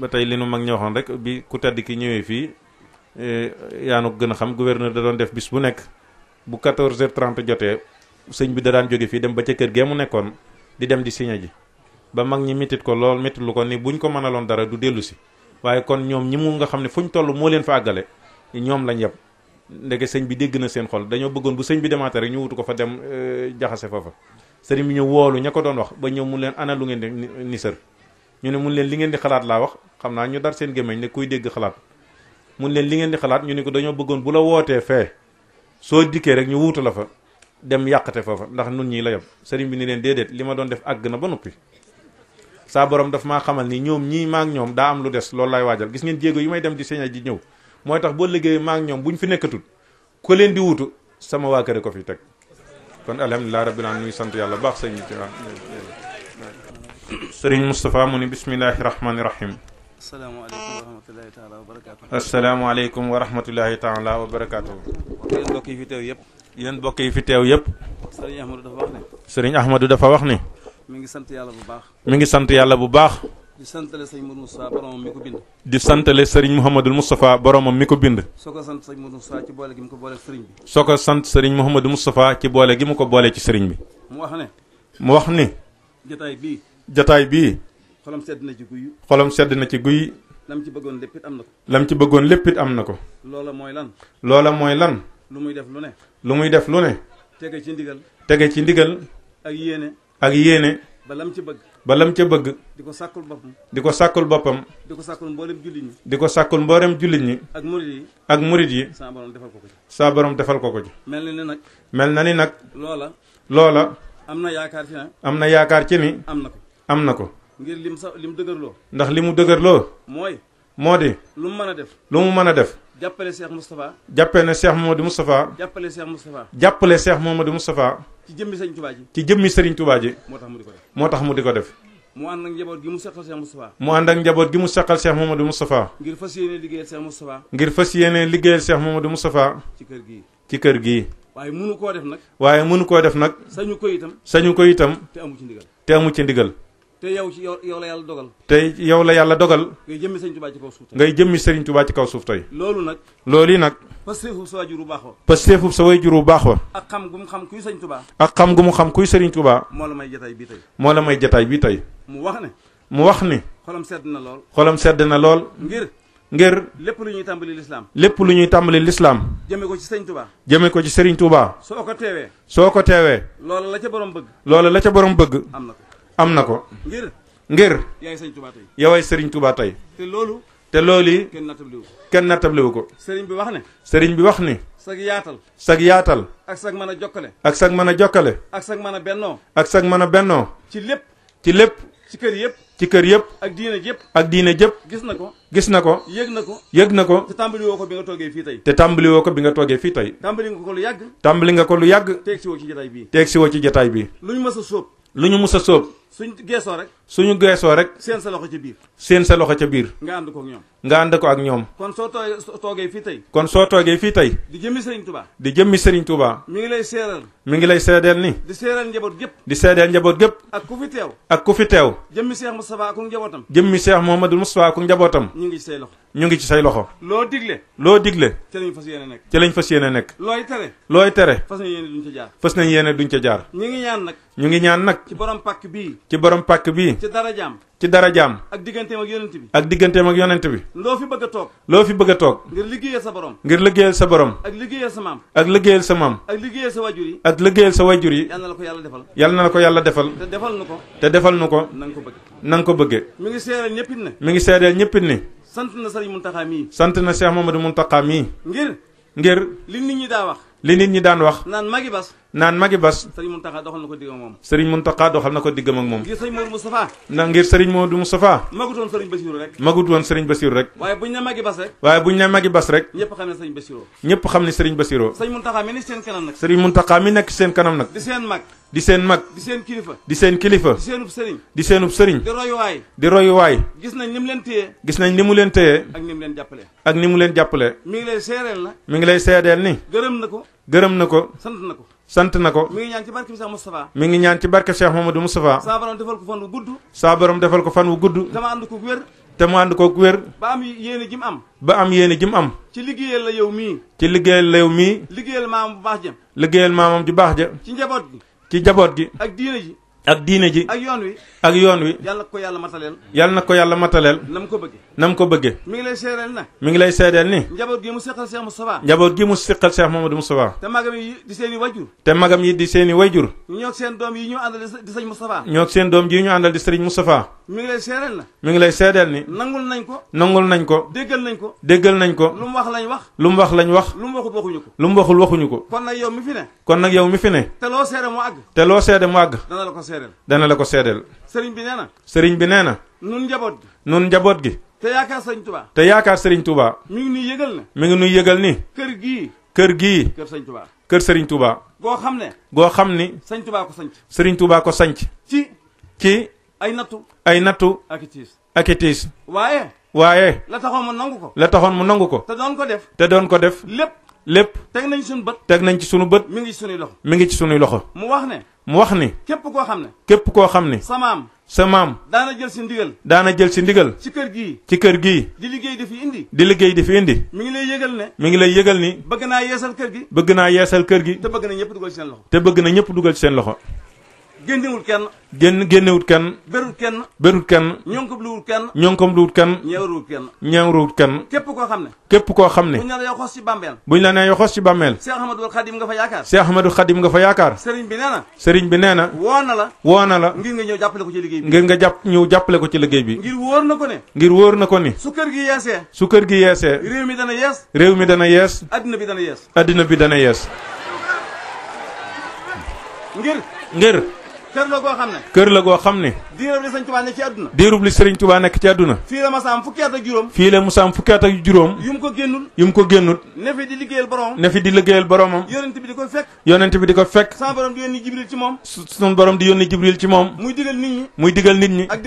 ba tey li nu mag ñoo waxoon rek bi ku tedd ki ñëwee fii eh, yaa nu gën a xam gouverneur da doon def bis bu nekk bu 14h30 jotee sëñ bi da daan jóge fii dem ba ca kër gee mu nekkoon di dem di signé ji ba mag ñi métit ko lool métit lu ko ni buñ ko mënaloon dara du dellu si waaye kon ñoom ñi mu nga xam ne ñu toll moo leen fa àggale ñoom lañ yeb ndeke sëñ bi dégg na seen xol dañoo bëggoon bu sëñ bi demaate ñu wutu ko fa dem eh, jaxase fa fa sëriñ bi ñëw woolu ña ko doon wax ba ñëw leen ana lu ngeen di nisër ñu ne mun leen li ngeen di xalaat laa wax xam naa ñu dara seen gémmiñ ne kuy dégg xalaat mun leen li ngeen di xalaat ñu ne ko dañoo bëggoon bu la wootee fee soo dikkee rek ñu wuutu la fa dem yàqte foofa ndax nun ñii la yem sëriñ bi ni leen déedéet li ma doon def àgg na ba noppi saa borom daf maa xamal ni ñoom ñii maa ñoom daa am lu des loolu laay waajal gis ngeen jéego yi may dem di seña ji ñëw mooy tax boo liggéeyee maa ak ñoom bu ñu fi nekkatul ko leen di sama waa ko fi teg kon alhamdulilah rabbil alamin ñu sant yàlla baax sëñ bi sëriñ Moustapha mu ni bismillahi rahmaani rahim asalaamaaleykum wa rahmatulahi taala wa barakaatu. asalaamaaleykum wa rahmatulahi taala wa barakaatu. yéen mbokk yi fi teew yëpp. yéen bokk yi fi teew yëpp. sëriñ Ahmadou dafa wax ne. sëriñ dafa wax ne. mi ngi sant yàlla bu baax. mi ngi sant yàlla bu baax. di santale sëriñ Modou Moustapha boromam mi ko bind. di santale sëriñ Mouhamadou Moustapha boromam mi ko bind. soo ko sant sëriñ Modou Moustapha ci boole gi mu ko boole sëriñ bi. soo ko sant sëriñ Mouhamadou Moustapha ci boole gi mu ko boole ci sëriñ bi. jataay bii. xolom sedd na ci guy. xolam sedd na ci guy. lam ci bëggoon lépp it am na ko. lam ci bëggoon lépp am na ko. loola mooy lan. loola mooy lan. lu muy def lu ne. lu muy def lu ne. tege ci ndigal. tege ci ndigal. ak yéene. ak yéene. ba lam ci bëgg. ba lam ca bëgg. di ko sàkkul boppam. di ko sàkkul boppam. di ko sàkkul mboolem jullit ñi. di ko sàkkul mboolem jullit ñi. ak murit yi. ak murit yi. saa borom defal ko ko ci. saa borom defal ko ko ci. mel na ni nag. mel na ni nag. loola. loola. am na yaakaar ci ne. am na yaakaar am na ko. am na ko. ngir lim sa lim dëgërloo. ndax li mu dëgërloo. mooy. moo di. lu mu mën a def. lu mu mën a def. jàppale Cheikh Moustapha. jàppale ne Cheikh Momadou Moustapha. jàppale Cheikh Moustapha. jàppale Cheikh Momadou Moustapha. ci jëmmi Serigne Touba ji. ci jëmmi Serigne Touba moo tax mu di ko def moo tax mu di ko def. mu ànd ak njaboot gi mu seqal Cheikh Moustapha. mu ànd ak njaboot gi mu seqal Cheikh Momadou Moustapha. ngir fas yéene liggéeyal Cheikh Moustapha. ngir fas yéene liggéeyal Cheikh Momadou Moustapha. ci kër gii ci kër gii. waaye mënu koo def nag. waaye mënu koo def nag. sañu ko itam. sañu ko itam. te amu ndigal te amu ci ndigal te yow ci yow yow la yàlla dogal. te yow la yàlla dogal. ngay jëmmi Serigne Touba ci kaw suuf tey. ngay jëmmi Serigne ci kaw suuf loolu nag. loolu yi nag. pasteefub sa waajur bu baax wa. pasteefub sa waajur bu baax wa. ak xam gu mu xam kuy Serigne Touba. ak xam gu mu xam kuy Serigne moo la may jataay bii tey. moo la may jataay bii tey. mu wax ne. mu wax ni. xolam sedd na lool. xolam sedd na lool. ngir. ngir. lépp lu ñuy tàmbali lislaam. lépp lu ñuy tàmbali lislaam. jëme ko ci Serigne Touba. jëme ko ci Serigne Touba. soo ko teewee. soo ko teewee. loola la ca borom bëgg. loola la ca borom bëgg. am na am na ko. ngir ngir. yaay sëriñ Touba tey. yoway sëriñ Touba tey. te loolu. te loolu yi. kenn nattabliwu ko kenn nattabliwu ko. sëriñ bi wax ne. sëriñ bi wax ni. sag yaatal. sag yaatal. ak sag mën a jokkale. ak sag mën a jokkale. ak sag mën a bennoo. ak sag mën a bennoo. ci lépp. ci lépp. ci kër yëpp. ci kër yëpp. ak diine jëpp. ak diine jëpp. gis na ko. gis na ko. yëg na ko. yég na ko. te tàmbaliwoo ko bi nga toogee fii tey. te tàmbaliwoo ko bi nga toogee fii tey. tàmbali ko lu yàgg. tàmbali nga ko lu yàgg. teeg si woo ci bii. teeg si woo ci jataay bi lu ñu suñ geesoo rek. suñu geesoo rek. seen sa loxo ca biir. seen sa loxo ca biir. nga ànd ko ak ñoom. nga ko ak ñoom. kon soo toogee fii tey. kon soo toogee fii tey. di jëmmi Serigne Touba. di jëmmi Serigne Touba. mu ngi lay seeral. mi ngi lay seedeel ni. di seeral njaboot gépp. di seedeel njaboot gépp. ak ku fi teew. ak ku fi teew. jëmmi Cheikh Moustapha ak njabootam. jëmmi Cheikh Mouhamadou Moustapha ak njabootam. ñu ngi ci say ñu ngi ci say loxo. loo digle. loo digle. ca lañ fas yéene nekk. ca lañ fas yéene nekk. looy tere. looy tere. fas nañ yéene nañ yéene duñ ca jaar. ñu ngi ñaan nag. ñu ngi ñaan nag. ci borom pàkk bii. ci borom pàkk bi ci dara jaam. ci dara jaam. ak digganteem ak yonent bi. ak digganteem ak yonent bi. loo fi bëgg a toog. loo fi bëgg a toog. ngir liggéeyal sa borom. ngir liggéeyal sa borom. ak liggéeyal sa maam. ak liggéeyal sa maam. ak liggéeyal sa wajur yi. ak liggéeyal sa wajur yi. yal na la ko yàlla defal. yal na ko yàlla defal. te defal nu ko. te defal nu ko. na ko bëggee. na ko bëggee. mi ngi seedeel ñëpp it ne. mi ngi seedeel ñëpp it ne. sant na Sëriñ Muntaxa mii. sant na Cheikh Mamadou Muntaxa mii. ngir. ngir. li nit daa wax. li nit ñi daan wax. naan magi bas. naan magi bas. Serigne Mountakha doxal na ko diggam ak moom. Serigne Mountakha doxal na ko diggam ak moom. ngir Serigne Modou Moustapha. na ngir Serigne Modou Moustapha. magut woon Serigne Bassirou rek. magut woon Serigne rek. waaye buñ ne magi bas rek. waaye buñ ne magi bas rek. ñëpp xam ne Serigne Bassirou. ñëpp xam ne Serigne Bassirou. Serigne mi nekk seen kanam nag. Serigne seen kanam di seen mag. di seen mag di seen kilifa di seen kilifa di seenub sëriñ di seenub sëriñ di royuwaay di royuwaay gis nañ ni mu leen téye gis nañ ni mu leen téye ak ni mu leen jàppale ak ni mu leen jàppale mi ngi lay seedeel na mi ngi lay seedeel ni gërëm na ko gërëm na ko sant na ko sant na ko. mi ngi ñaan ci barke Cheikh Moustapha. mi ngi ñaan ci barke Cheikh Mamadou Moustapha. saa borom defal ko fan wu gudd. saa defal ko fan wu gudd. dama ko wér. te mu ànd koog wér. ba am yéene jim am. ba am yéene jim am. ci liggéeyal la yow mii. ci liggéeyal la yow mii. liggéeyal maamam bu baax ja. liggéeyal maamam ju baax ja. ci njaboot gi. ci njaboot gi. ak diine ji. ak diine ji ak yoon wi ak yoon wi yàlla ko yàlla mataleel yàlla na ko yàlla mataleel na mu ko bëggee na mu ko bëggee mi ngi lay seedeel na mi ngi lay seedeel ni njaboot gi mu seqal Cheikh Moustapha njaboot gi mu seqal Cheikh Mamadou Moustapha te magam yi di seen i wayjur te magam yi di seen i wayjur seen doom yi ñu àndal di sëñ Moustapha ñoog ngi lay seedeel na mi ngi lay seedeel ni nangul nañ ko nangul nañ ko déggal nañ ko déggal nañ ko lu mu wax lañ wax lu mu wax lañ wax lu mu waxul waxuñu ko lu mu waxul waxuñu ko kon nag yow mi fi ne kon nag yow mi fi ne te loo seede mu àgg te seedeel. dana la ko seedeel. sëriñ bi nee na. sëriñ bi nee na. nun njaboot gi. nun njaboot gi. te yaakaar sëriñ Touba. te yaakaar sëriñ Touba. mi ngi nuy yëgal ne. mi ngi nuy yëgal ni. kër gi kër gi kër sëriñ Touba. kër sëriñ Touba. goo xam ne. goo xam ni. sëriñ Touba ko sanc. sëriñ Touba ko ci. ay nattu. ay nattu. ak i tiis. waaye. waaye. la taxoon mu nangu ko. la taxoon mu nangu ko. te doon ko def. te doon ko def. lépp. lépp teg nañ suñu bët teg nañ ci sunu bët mi ngi ci suñuy loxo mi ngi ci suñuy loxo mu wax ne mu wax ni képp koo xam ne képp koo xam ne samaam sa maam daana jël si ndigal daana jël si ndigal ci kër gii ci kër gii di liggéey di fi indi di liggéey di fi indi mu ngi lay yëgal ne mi ngi lay yëgal ni bëgg naa yeesal kër gi bëgg naa yeesal kër gi te bëgg na ñëpp dugal ci seen te bëgg na ñëpp dugal ci seen loxo génnewul kenn. génn génnewut kenn. berut kenn. berut kenn. ñonkabluwut kenn. ñonkabluwut kenn. ñeewruwut kenn. ñeewruwut kenn. képp koo xam ne. képp koo xam ne. buñ la nee yoxos ci bàmmeel. buñ la nee yoxos ci bàmmeel. Cheikh Ahmadou Khadim nga fa yaakaar. Cheikh Ahmadou Khadim nga fa yaakaar. sëriñ bi nee na. sëriñ bi nee na. woo na la. woo na la. ngir nga ñëw jàppale ko ci liggéey bi. ngir nga jàpp ñëw jàppale ko ci liggéey bi. ngir wóor na ko ne. ngir wóor na ko ni. su kër gi yeesee. su kër gi yeesee. réew mi dana yees. réew mi dana yees. addina bi dana yees. addina bi dana yees. ngir. ngir. kër la goo xam ne. kër la goo xam ne. diirub li Sëriñ Tuubaa nekk ci àdduna. diirub li Sëriñ nekk ci àdduna. fii la Masaam fukki at ak juróom. yu mu ko génnul. yu mu ko génnut. ne di liggéeyal boromam. ne di liggéeyal boromam. yonent bi di ko fekk. yonent bi di ko fekk. sama borom di yónni Jibril ci moom. muy digal nit ñi. muy digal nit ñi. ak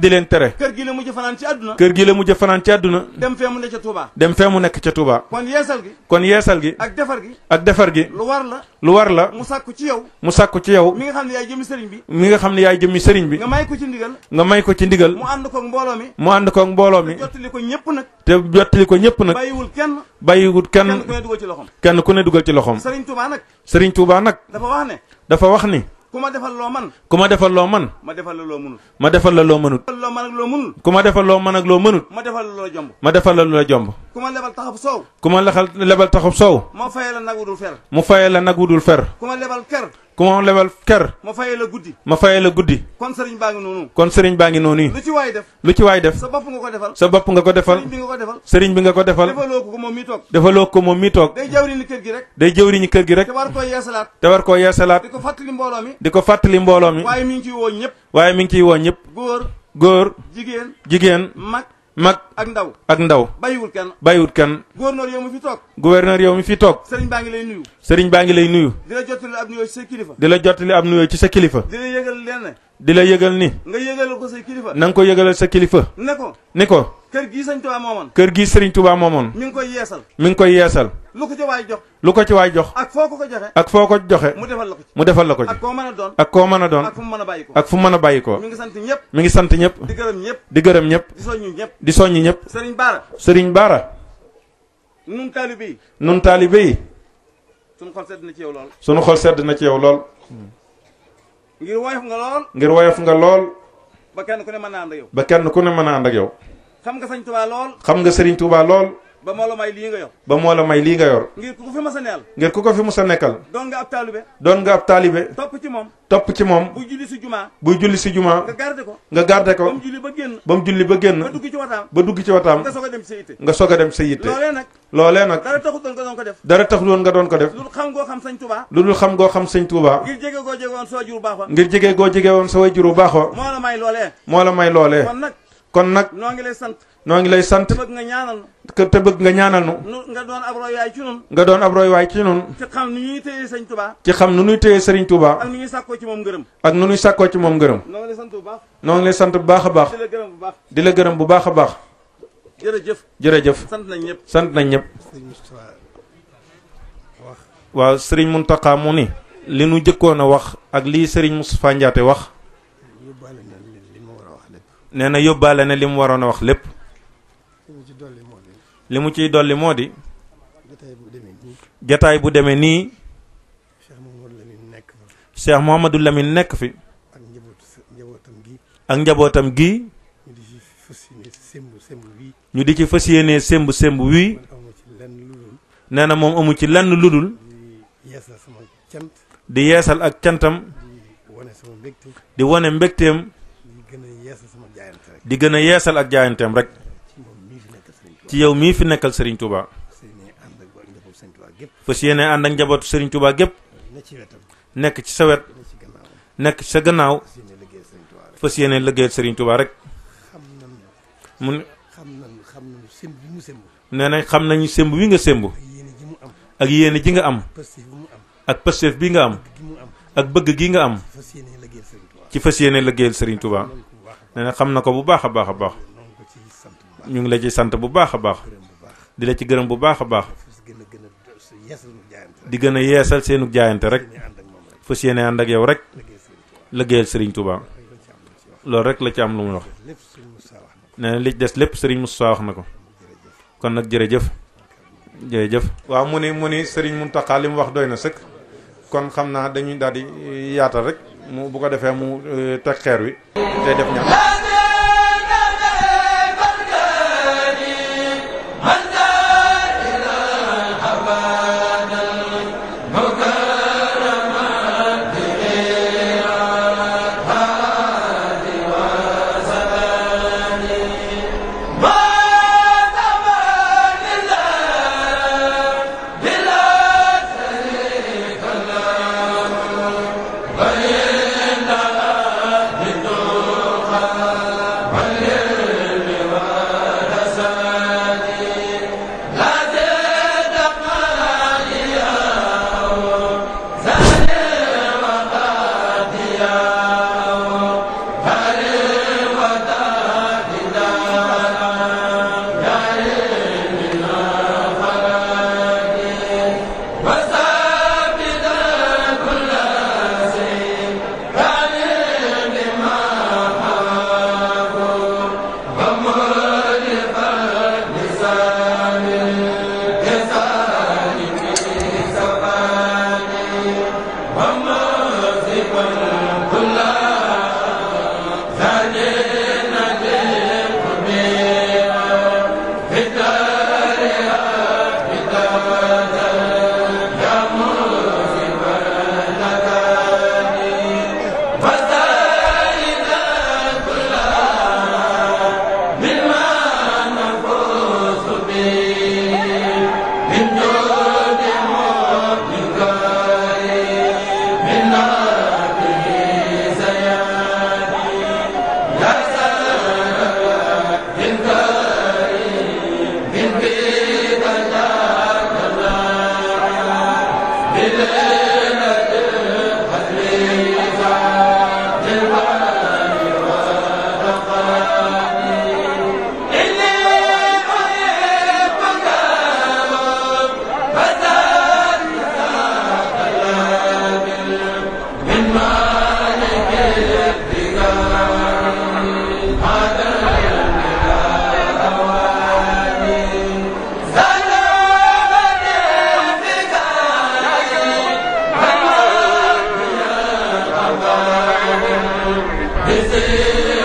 di leen tere. kër gi la mujj fanaan ci àdduna. kër gi la mujj fanaan ci àdduna. dem fee mu nekk ca Tuubaa. dem fee mu nekk ca Tuubaa. kon yeesal gi. kon ci yow. mu sàkku ci yow. sëriñ bi mi nga xam ne yaay jëmmi sëriñ bi nga may ko ci ndigal nga may ko ci ndigal mu ànd koog mbooloo mi mu ànd koog mbooloo mi jottali ko ñëpp nag te jottali ko ñëpp nag bàyyiwul kenn bàyyiwul kenn kenn ku ne dugal ci loxom kenn ku ne dugal ci loxom sëriñ Touba nag sëriñ Touba nag dafa wax ne dafa wax ni ku ma defal loo man ku ma defal loo man ma defal la loo mënut ma defal la loo mënut ku ma defal loo man ak loo mënut ma defal loo man ak loo mënut ma defal loo jomb ma defal la loo jomb ku ma lebal taxab soow. ku ma lexal lebal taxab soow. ma fayal la nag wudul fer. mu fayal la nag wudul fer. ku ma lebal ker. ku ma lebal ker. ma fayal la guddi. ma fayal la guddi. kon sëriñ baa ngi noonu. kon sëriñ baa ngi noonu. lu ci waay def. lu ci waay def. sa bopp nga ko defal. sa bopp nga ko defal. sëriñ bi nga ko defal. sëriñ bi nga ko defal. defaloo ko moom mi toog. defaloo ko moom mi toog. day jawriñu kër gi rek. day jawriñu kër gi rek. te war koo yeesalaat. te war koo yeesalaat. di ko fàttali mbooloo mi. di ko fàttali mbooloo mi. waaye mi ngi ciy woo ñëpp. waaye mi ngi ciy woo ñëpp. góor góor. jigéen jigéen. mag mag ak ndaw ak ndaw. bàyyiwul kenn bàyyiwul kenn. gouverneur yow mi fi toog. gouverneur yow mi fi toog. sëriñ baa ngi lay nuyu. sëriñ baa ngi lay nuyu. dina la jottali ab nuyoo ci sa kilifa. di la jottali ab nuyoo ci sa kilifa. di di la yëgal ni. nga yëgalal ko say kilifa. nanga nga ko yëgalal sa kilifa. ne ko ni ko. kër gii sëriñ Tuubaa moomoon. kër gii sëriñ Tuubaa moomoon. mi ngi koy yeesal. mi ngi koy yeesal. lu ko ci waay jox. lu ko ci waay jox. ak foo ko ko joxe. ak foo ko joxe. mu defal la ko ci mu defal ko ak koo mën a doon. ak koo mën a doon. ak fu mën a bàyyi ko. ak mu a bàyyi ko. mi ngi sant ñëpp. mi ngi sant ñëpp. di gërëm ñëpp. di gërëm ñëpp. di soññu ñëpp. di soññu ñëpp. sëriñ Baara. sëriñ Baara. nun taalibe yi. nun taalibe yi. sunu xol sedd na ci yow sunu xol sedd na ci yow ngir woyof nga lool. ngir woyof nga lool. ba kenn ku ne mën naa ànd ak yow. ba kenn ku ne mën naa ànd ak yow. xam nga sëriñ Tuubaa lool. xam nga sëriñ Tuubaa lool. ba moo la may lii nga yor la may lii nga yor ngir ku ko fi mës a nekkal ngir ku ko fi mës a nekkal doon nga ab taalibe doon nga ab taalibe topp ci moom topp ci moom buy julli si jumaa buy julli si jumaa nga garde ko nga garde ko ba mu julli ba génn ba mu julli ba génn ba dugg ci wataam ba dugg ci wataam nga soog a dem sa yitte nga soog a dem sa yitte loolee nag loolee nag dara taxul doon nga doon ko def dara taxul doon nga doon ko def lu dul xam goo xam sëñ Tuubaa lu dul xam goo xam sëñ Tuubaa ngir jege goo jege woon sa wajuru baax ngir jege goo jege woon sa wajuru baax moo la may loolee la may loolee kon nag noo ngi lay sant. noo ngi lay sant. te bëgg nga ñaanal nu. bëgg nga ñaanal nu. nga doon ab roy waay ci nun nga doon ab roy waay ci nun ci xam nu ñuy téye sëriñ Touba. ci xam nu ñuy téye sëriñ Touba. ak nu ñuy sàkkoo ci moom ngërëm. ak nu ñuy sàkkoo ci moom ngërëm. noo ngi lay sant bu baax. noo ngi lay sant bu baax a baax. di la gërëm bu baax. di la gërëm bu baax a baax. jërëjëf. jërëjëf. sant nañ ñëpp. sant nañ ñëpp. waaw sëriñ Mountakha mu ni li nu jëkkoon a wax ak lii sëriñ mu Ndiaté wax nee na yóbbaale na li mu waroon a wax lépp li mu ciy dolli moo di jataay bu demee nii Cheikh Mouhamadou Lamine nekk fi ak njabootam gi ñu di ci fas yéenee semb semb wii nee na moom amu ci lenn ludul di yeesal ak cantam di wone mbégteem gën a yeesal sama di gën a yeesal ak jaayanteem rek. ci yow mii fi nekkal Serigne Touba. fas yéene ànd ak njabootu Serigne Touba gépp nekk ci sa wet. nekk ci sa gannaaw. fas yéene liggéeyal Serigne Touba rek. mu ne. nee na xam nañu sëmb wi nga semb. ak yéene ji nga am. ak pësteef bi nga am. ak bëgg gi nga am ci fas yéene liggéeyal Serigne Touba nee na xam na ko bu baax a baax a baax ñu ngi la ci sant bu baax a baax di la ci gërëm bu baax a baax di gën a yeesal seenu jaayante rek fës yéene ànd ak yow rek liggéeyal sëriñ tubaa loolu rek la ci am lu mu wax nee li des lépp Serigne Moussa wax na ko kon nag jërëjëf jërëjëf. waa mu ni mu ni Serigne Mountakha li mu wax doy na sëkk. kon xam naa dañuy daal di yaatal rek mu bu ko defee mu euh, teg xeer wi tey def ñaan Amen